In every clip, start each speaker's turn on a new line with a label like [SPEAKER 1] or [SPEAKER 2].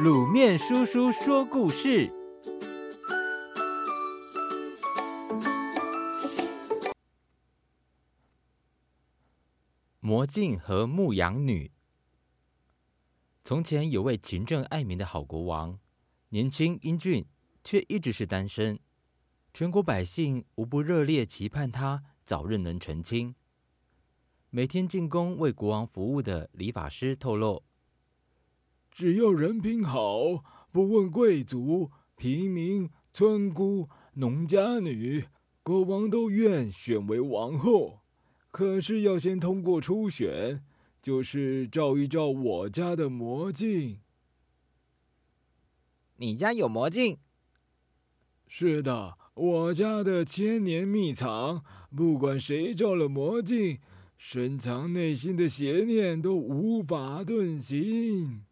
[SPEAKER 1] 滷麵叔叔說故事，魔鏡和牧羊女。從前有位勤政愛民的好國王，年輕英俊，却一直是單身。全國百姓無不熱烈期盼他早日能成親。每天進宮為國王服務的理髮
[SPEAKER 2] 師透露。只要人品好，不問貴族、平民、村姑、農家女，國王都願選為王後。可是要先通過初選，就是照一照我家的魔鏡。你家有魔鏡？是的，我家的千年祕藏，不管誰照了魔鏡，深藏內心的邪念都無法遁形。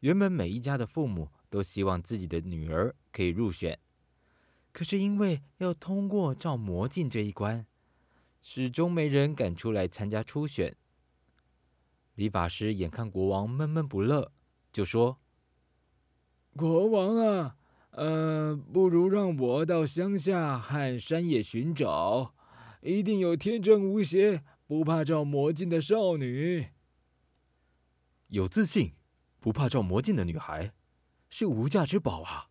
[SPEAKER 2] 原本每一家的父母都希
[SPEAKER 1] 望自己的女兒可以入選，可是因為要通過照魔鏡這一關，始終沒人敢出來參加初選。李法師眼看國王悶悶不樂，就說：“國
[SPEAKER 2] 王啊，呃，不如讓我到鄉下和山野尋找，一定有天真無邪、不怕照魔鏡的少女，
[SPEAKER 1] 有自信。”
[SPEAKER 2] 不怕照魔鏡的女孩，是無價
[SPEAKER 1] 之寶啊！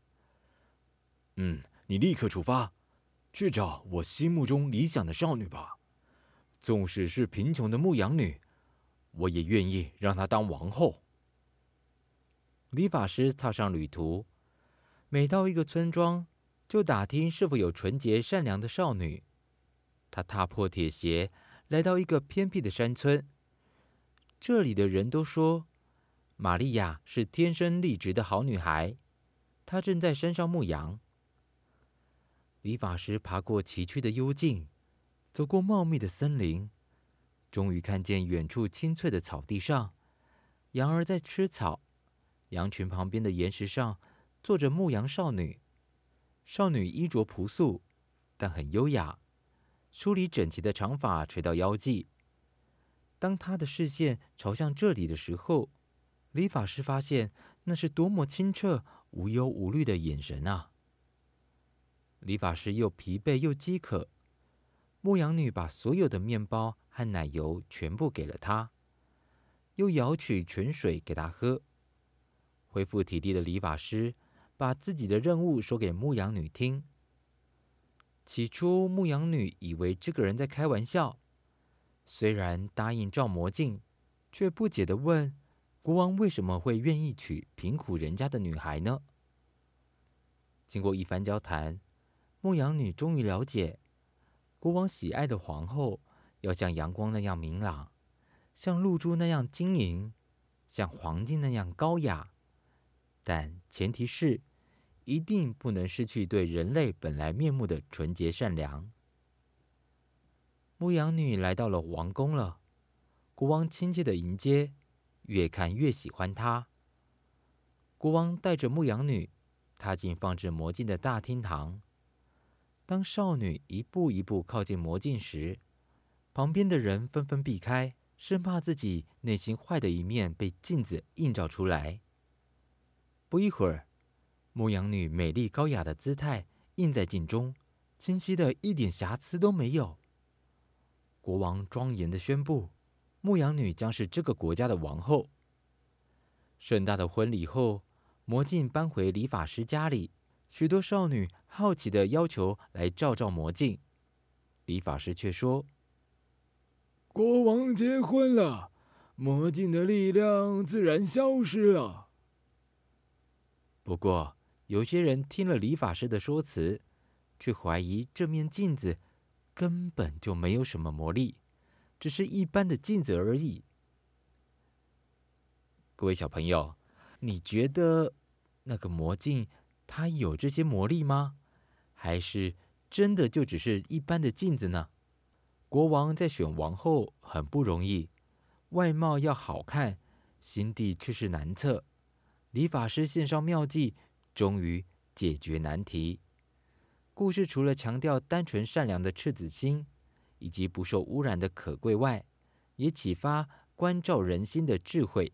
[SPEAKER 1] 嗯，你立刻出發，去找我心目中理想的少女吧。縱使是貧窮的牧羊女，我也願意讓她當王後。理髮師踏上旅途，每到一個村莊，就打聽是否有純潔善良的少女。他踏破鐵鞋，來到一個偏僻的山村，這裡的人都說。瑪麗亞是天生麗質的好女孩，她正在山上牧羊。理髮師爬過崎嶇的幽徑，走過茂密的森林，終於看見遠處青翠的草地上，羊兒在吃草。羊群旁邊的岩石上坐着牧羊少女，少女衣着樸素，但很優雅，梳理整齊的長髮垂到腰際。當她的視線朝向這裡的時候。李法師發現那是多麼清澈、無憂無慮的眼神啊！理髮師又疲憊又飢渴，牧羊女把所有的麵包和奶油全部給了他，又舀取泉水給他喝。恢復體力的理髮師把自己的任務說給牧羊女聽。起初，牧羊女以為這個人在開玩笑，雖然答應照魔鏡，卻不解地問。國王為什麼會願意娶貧苦人家的女孩呢？經過一番交談，牧羊女終於了解，國王喜愛的皇后要像陽光那樣明朗，像露珠那樣晶瑩，像黃金那樣高雅，但前提是一定不能失去對人類本來面目的純潔善良。牧羊女來到了王宮了，國王親切的迎接。越看越喜歡她。國王帶着牧羊女踏進放置魔鏡的大廳堂。當少女一步一步靠近魔鏡時，旁邊的人紛紛避開，生怕自己內心壞的一面被鏡子映照出來。不一會兒，牧羊女美麗高雅的姿態映在鏡中，清晰得一點瑕疵都沒有。國王莊嚴的宣布。牧羊女將是這個國家的王後。盛大的婚禮後，魔鏡搬回理髮師家裡。許多少女好奇地要求來照照魔鏡，
[SPEAKER 2] 理髮師卻說：“國王結婚了，魔鏡的力量自然消失了。”
[SPEAKER 1] 不過，有些人聽了理髮師的說辭，卻懷疑這面鏡子根本就沒有什麼魔力。只是一般的鏡子而已。各位小朋友，你覺得那個魔鏡它有這些魔力嗎？還是真的就只是一般的鏡子呢？國王在選王后很不容易，外貌要好看，心地卻是難測。理髮師獻上妙計，終於解決難題。故事除了強調單純善良的赤子心。以及不受污染的可貴外，也啟發關照人心的智慧。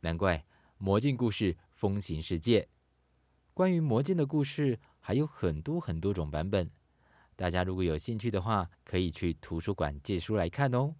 [SPEAKER 1] 難怪魔鏡故事風行世界。關於魔鏡的故事，還有很多很多種版本，大家如果有興趣的話，可以去圖書館借書來看哦。